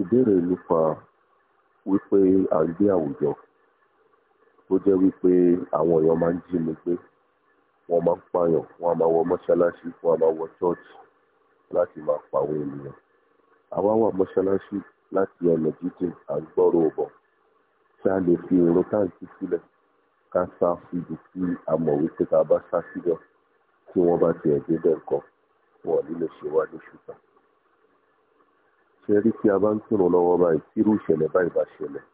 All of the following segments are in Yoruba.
ìbéèrè ló fà wípé à ń gbé àwùjọ tó jẹ́ wípé àwọn èèyàn máa ń jí mi gbé wọ́n máa ń pààyàn wọ́n á máa wọ mọ́ṣáláṣí wọ́n á máa wọ chọ́ọ̀chì láti máa pa àwọn ènìyàn àwa wà mọ́ṣáláṣí láti ọ̀nà jíjìn à ń gbọ́rọ̀ ọ̀bọ̀ tí a lè fi èrò táǹkì sílẹ̀ ká sá ibi tí a mọ̀ wípé tá a bá sá síbẹ̀ tí wọ́n bá tiẹ̀ débẹ̀ nǹkan wọn ò ní lè ṣe wá ní ṣùgbọ́n ṣe rí tí a bá ń kírun lọ́wọ́ báyìí irú ìṣẹ̀lẹ̀ báyìí bá ṣẹlẹ̀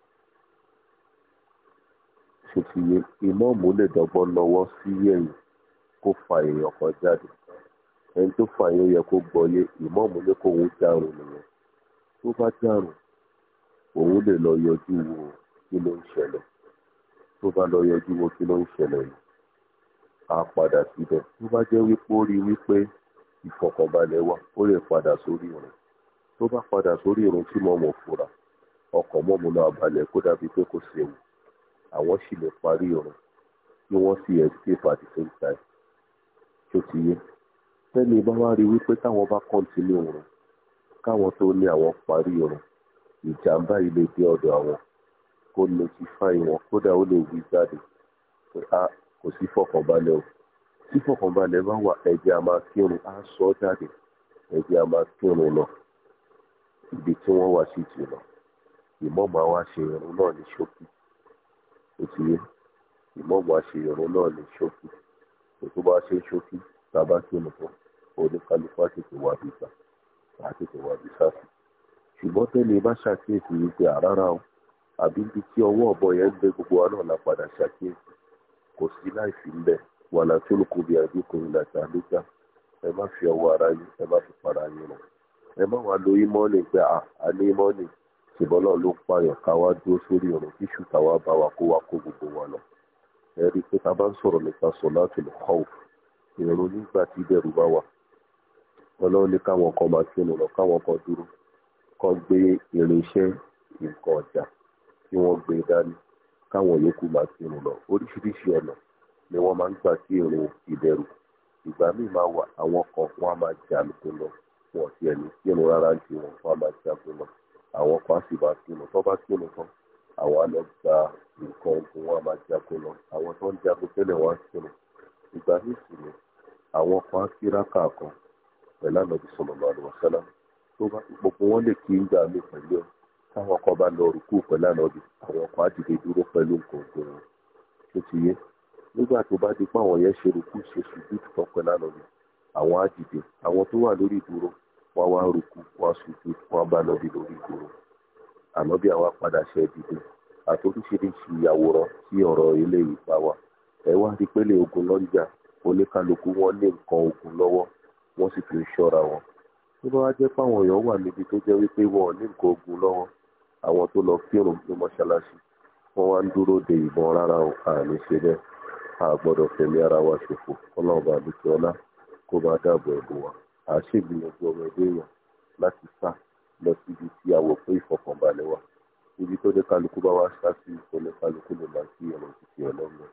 ṣe ti yẹ ìmọ̀ọ́mù lè dọ́gbọ́n lọ́wọ́ sí yẹ̀yìn kó fa èèyàn kan jáde ẹni tó fa èèyàn yẹ kó gbọ́yé ìmọ̀ọ́mù lè kó òun dárùn nìyẹn tó bá dárùn òun lè lọ yọjú wo kí ló ń ṣẹlẹ̀ tó bá lọ yọjú wo kí ló ń ṣẹlẹ̀ yìí á padà síbẹ̀ tó bá jẹ́ wípé ó rí wípé ìfọ̀kànbalẹ̀ wà ó lè padà sórí rẹ̀ tó bá padà sórí irun tí mo mọ̀ fura ọkọ̀ mọ́ mo náà balẹ̀ kó dàbí pé kò séwu àwọn sì lè parí irun kí wọ́n sì escape at the same time tó ti yé tẹ́ni bá wá rí wípé táwọn bá kọ́ńtínú irun káwọn tó ní àwọn parí irun ìjàmbá yìí lè dé ọ̀dọ̀ àwọn kó notify wọn kódà ó lè wí jáde ah, kò sí fọkànbalẹ̀ o tí fọkànbalẹ̀ bá wà ẹ̀jẹ̀ a á sọ jáde ẹ̀jẹ̀ a máa ibi tí wọ́n wá sí jìnnà ìmọ̀ọ́mù wa ṣe irun náà ní ṣókí ó ti yé ìmọ̀ọ́mù àṣe irun náà ní ṣókí ètò bá ṣe ṣókí tàbá kí ṣe kan oníkálukú àtètè wà bìtà o àbí ibi tí ọwọ́ ọ̀bọ yẹn gbogbo wa náà la padà ṣàkíyèsí kò sí láìsí ń bẹ tó bí àdúgbò ìlàjà lójà ẹ má fi ẹ má wàá lo ímọ́ọ̀nì pé ah, a ní ímọ́ọ̀nì ṣùgbọ́n náà ló pààyàn ká wá dúró sórí ọ̀rọ̀ kíṣù táwa bá wa kó wa kó gbogbo wa lọ ẹ rí i pé ta bá ń sọ̀rọ̀ nípa sọ̀láàtì khawf ìrò nígbà tí ìbẹ̀rù bá wà ọlọ́run ní káwọn kan máa kí lọ káwọn kan dúró kan gbé irinṣẹ́ nǹkan ọjà kí wọ́n gbé dání káwọn yòókù máa kí lọ oríṣiríṣi ọ̀nà ni wọ́n máa ń gbà kí ìrìn ìbẹ̀rù ìgbà míì máa wà àwọn kan wọ́n á máa jà lóko lọ wọn ọ̀sẹ̀ ẹ̀mí kírun rárá ju wọn fún àmàṣà fúnmọ́ àwọn kan á sì bá kírun tó bá kírun tán àwọn á lọ gba nǹkan ogun wọn àmàṣà fún lọ àwọn tó ń jagun tẹ́lẹ̀ wọn á kírun ìgbà yìí ni àwọn kan á kíra káàkan pẹ̀lú ànábi sallallahu alaihi wasallam tó bá gbogbo wọn lè kí ń gbà mí pẹ̀lú ẹ̀ táwọn kan bá lọ rùkú pẹ̀lú ànábi àwọn kan á dìde dúró pẹ̀lú nǹkan ogun wọn tó ti yé nígbà tó bá di pé àwọn yẹn ṣe rùkú ṣe ṣùgbọ́n tó pẹ̀lú ànábi àwọn á dìde àwọn tó wà lórí ìdúró wọ́n wá ń rúkú wọ́n ṣubú wọ́n bá nọ́bì lórí ìgboro ànọ́bì àwa padà ṣe dìde àtòríṣiríṣi àwòrán sí ọrọ eléyìí pa wa. ẹ wá rí pélé ogun lọ́jà oníkálukú wọn ní nǹkan ogun lọwọ wọn sì tún ṣọ́ra wọn tó bá wá èèyàn wà níbi tó jẹ wípé wọn ò ní ogun lọwọ àwọn tó lọ kírun ní wá ń dúró de ìbọn rárá o àní a gbọdọ fẹ̀mí ara wa ṣòfò ọlọ́ọ̀bà ọlá kó wa. à á ṣègbìyànjú ọmọ ẹgbẹ́ èèyàn láti sá lọ síbi tí a wọ̀ pé ìfọkànbalẹ̀ wà níbi tó ní kálukú bá wá sá sí ìfọ̀lẹ́ kálukú lè máa kí ọ̀nà títí ọlọ́run